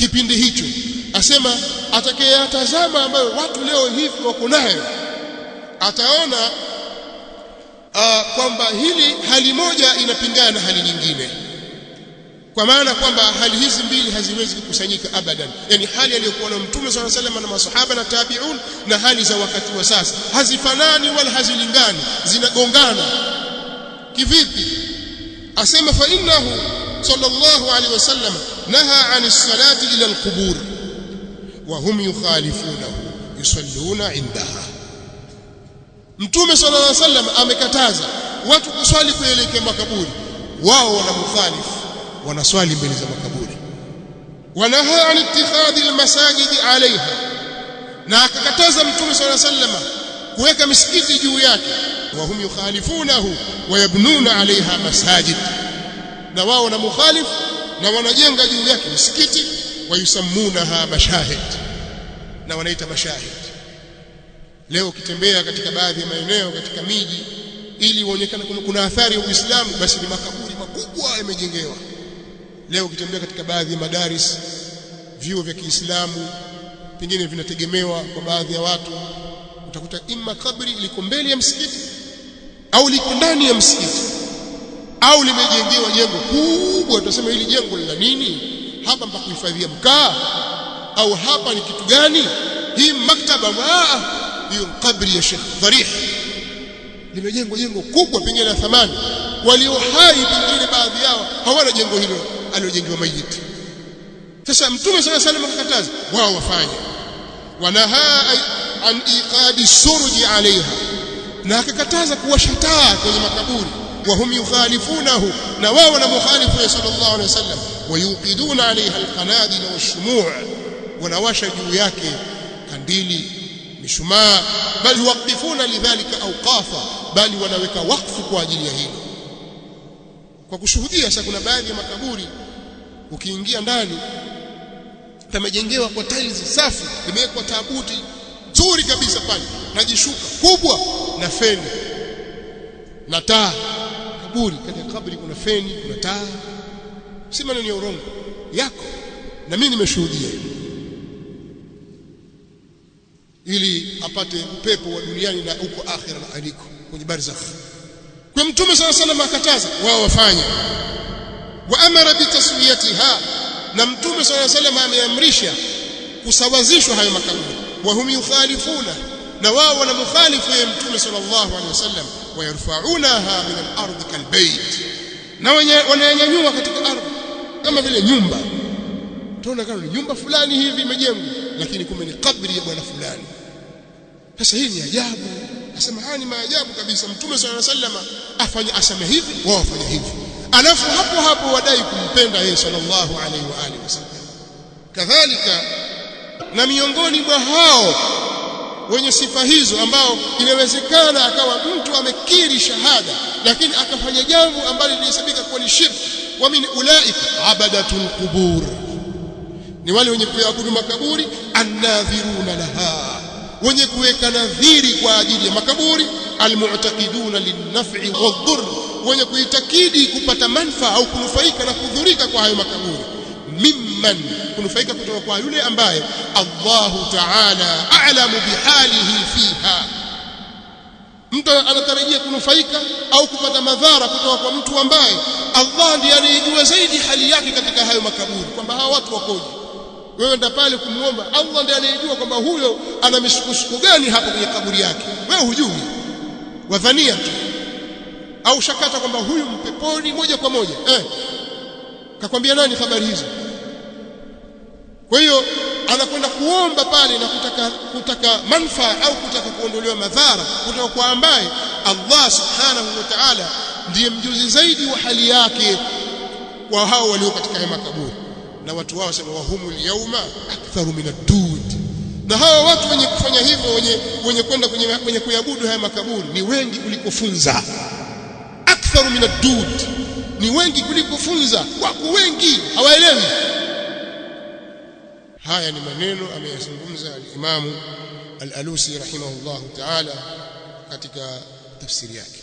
kipindi hicho. Asema atakayeyatazama ambayo watu leo hivi wako nayo ataona uh, kwamba hili hali moja inapingana na hali nyingine, kwa maana kwamba hali hizi mbili haziwezi kukusanyika abadan. Yani hali aliyokuwa na Mtume swalla sallam na masahaba na tabiun na hali za wakati wa sasa hazifanani wala hazilingani, zinagongana. Kivipi? Asema fa innahu sallallahu alaihi wasallam نهى عن الصلاة إلى القبور وهم يخالفونه يصلون عندها متوم صلى الله عليه وسلم أمكتازا وتقصالي في إليك مكبول واو مخالف ونصالي من إذا مكبول ونهى عن اتخاذ المساجد عليها ناكتازا متوم صلى الله عليه وسلم ويكا مسكت جوياك وهم يخالفونه ويبنون عليها مساجد نواونا مخالف na wanajenga juu yake msikiti yusammuna ha mashahid na wanaita mashahid leo ukitembea katika baadhi ya maeneo katika miji ili uonekane kuna athari ya Uislamu basi ni makaburi makubwa yamejengewa leo ukitembea katika baadhi ya madaris vyuo vya Kiislamu pengine vinategemewa kwa baadhi ya watu utakuta imma kabri liko mbele ya msikiti au liko ndani ya msikiti au limejengewa jengo kubwa, tutasema hili jengo lina la nini? Hapa mpaka kuhifadhia mkaa au hapa ni kitu gani? Hii maktaba, hiyo kabri ya Sheikh Dharih, limejengwa jengo kubwa pengine la thamani. Walio hai pengine baadhi yao hawana jengo hilo aliojengewa maiti. Sasa Mtume sala salam akakataza wao wafanye, wanahaa an iqadi suruji alaiha, na akakataza kuwasha taa kwenye makaburi وهم na wao نمخالف صلى الله عليه وسلم ويوقدون alaiha القنادل والشموع wanawasha juu yake kandili mishumaa bal yuwaqifuna lidhalika awqafa bali wanaweka wakfu kwa ajili ya hilo kwa kushuhudia sasa kuna baadhi ya makaburi ukiingia ndani pamejengewa kwa tiles safi imewekwa tabuti nzuri kabisa pale najishuka kubwa na feni na taa makaburi katika kaburi kuna feni kuna taa si maneno ya urongo yako na mimi nimeshuhudia ili apate upepo wa duniani na huko akhira na aliko kwenye barzakh kwa mtume sana sana akataza wao wafanye wa amara bitaswiyatiha na mtume sana sana ameamrisha kusawazishwa hayo makaburi wa hum yukhalifuna na wao wanamukhalifu yeye mtume sallallahu alaihi wasallam wayarfaunaha min al kalbeit kalbait, na wanayanyanyua katika ardhi kama vile nyumba. Tunaona kama ni nyumba fulani hivi imejengwa, lakini kumbe ni kabri ya bwana fulani. Sasa hii ni ajabu, nasema haya ah, ni maajabu kabisa. Mtume sallallahu alaihi wasallam afanya aseme hivi, wao wafanya hivi, alafu hapo hapo wadai kumpenda yeye sallallahu alaihi wa alihi wasallam. Kadhalika na miongoni mwa hao wenye sifa hizo ambao inawezekana akawa mtu amekiri shahada lakini akafanya jambo ambalo linahesabika kuwa ni shirki wa min ulaika abadatul qubur ni wale wenye kuyaabudu makaburi annadhiruna laha wenye kuweka nadhiri kwa ajili ya makaburi almu'taqiduna linaf'i wadhur wenye kuitakidi kupata manfaa au kunufaika na kudhurika kwa hayo makaburi mimman, kunufaika kutoka kwa yule ambaye Allahu taala a'lamu bihalihi fiha. Mtu anatarajia kunufaika au kupata madhara kutoka kwa mtu ambaye Allah ndiye anayejua zaidi hali yake katika hayo makaburi, kwamba hawa watu wakoje wewe nda pale kumwomba Allah ndiye anayejua kwamba huyo ana misukusuku gani hapo kwenye kaburi yake, wewe hujui, wadhania tu au shakata kwamba huyu mpeponi moja kwa moja eh. Kakwambia nani habari hizo? Kwa hiyo anakwenda kuomba pale na kutaka, kutaka manfaa au kutaka kuondolewa madhara kutoka kwa ambaye Allah subhanahu wa ta'ala ndiye mjuzi zaidi wa hali yake wa hao walio katika haya makaburi. Na watu wao wasema wahumu lyauma aktharu min ad-dud, na hawa watu wenye kufanya hivyo wenye, wenye kwenda kwenye, kwenye kuyabudu haya makaburi ni wengi kuliko funza. Aktharu min ad-dud ni wengi kuliko funza, wako wengi hawaelewi. Haya ni maneno ameyazungumza alimamu Al-Alusi rahimahullahu taala katika tafsiri yake.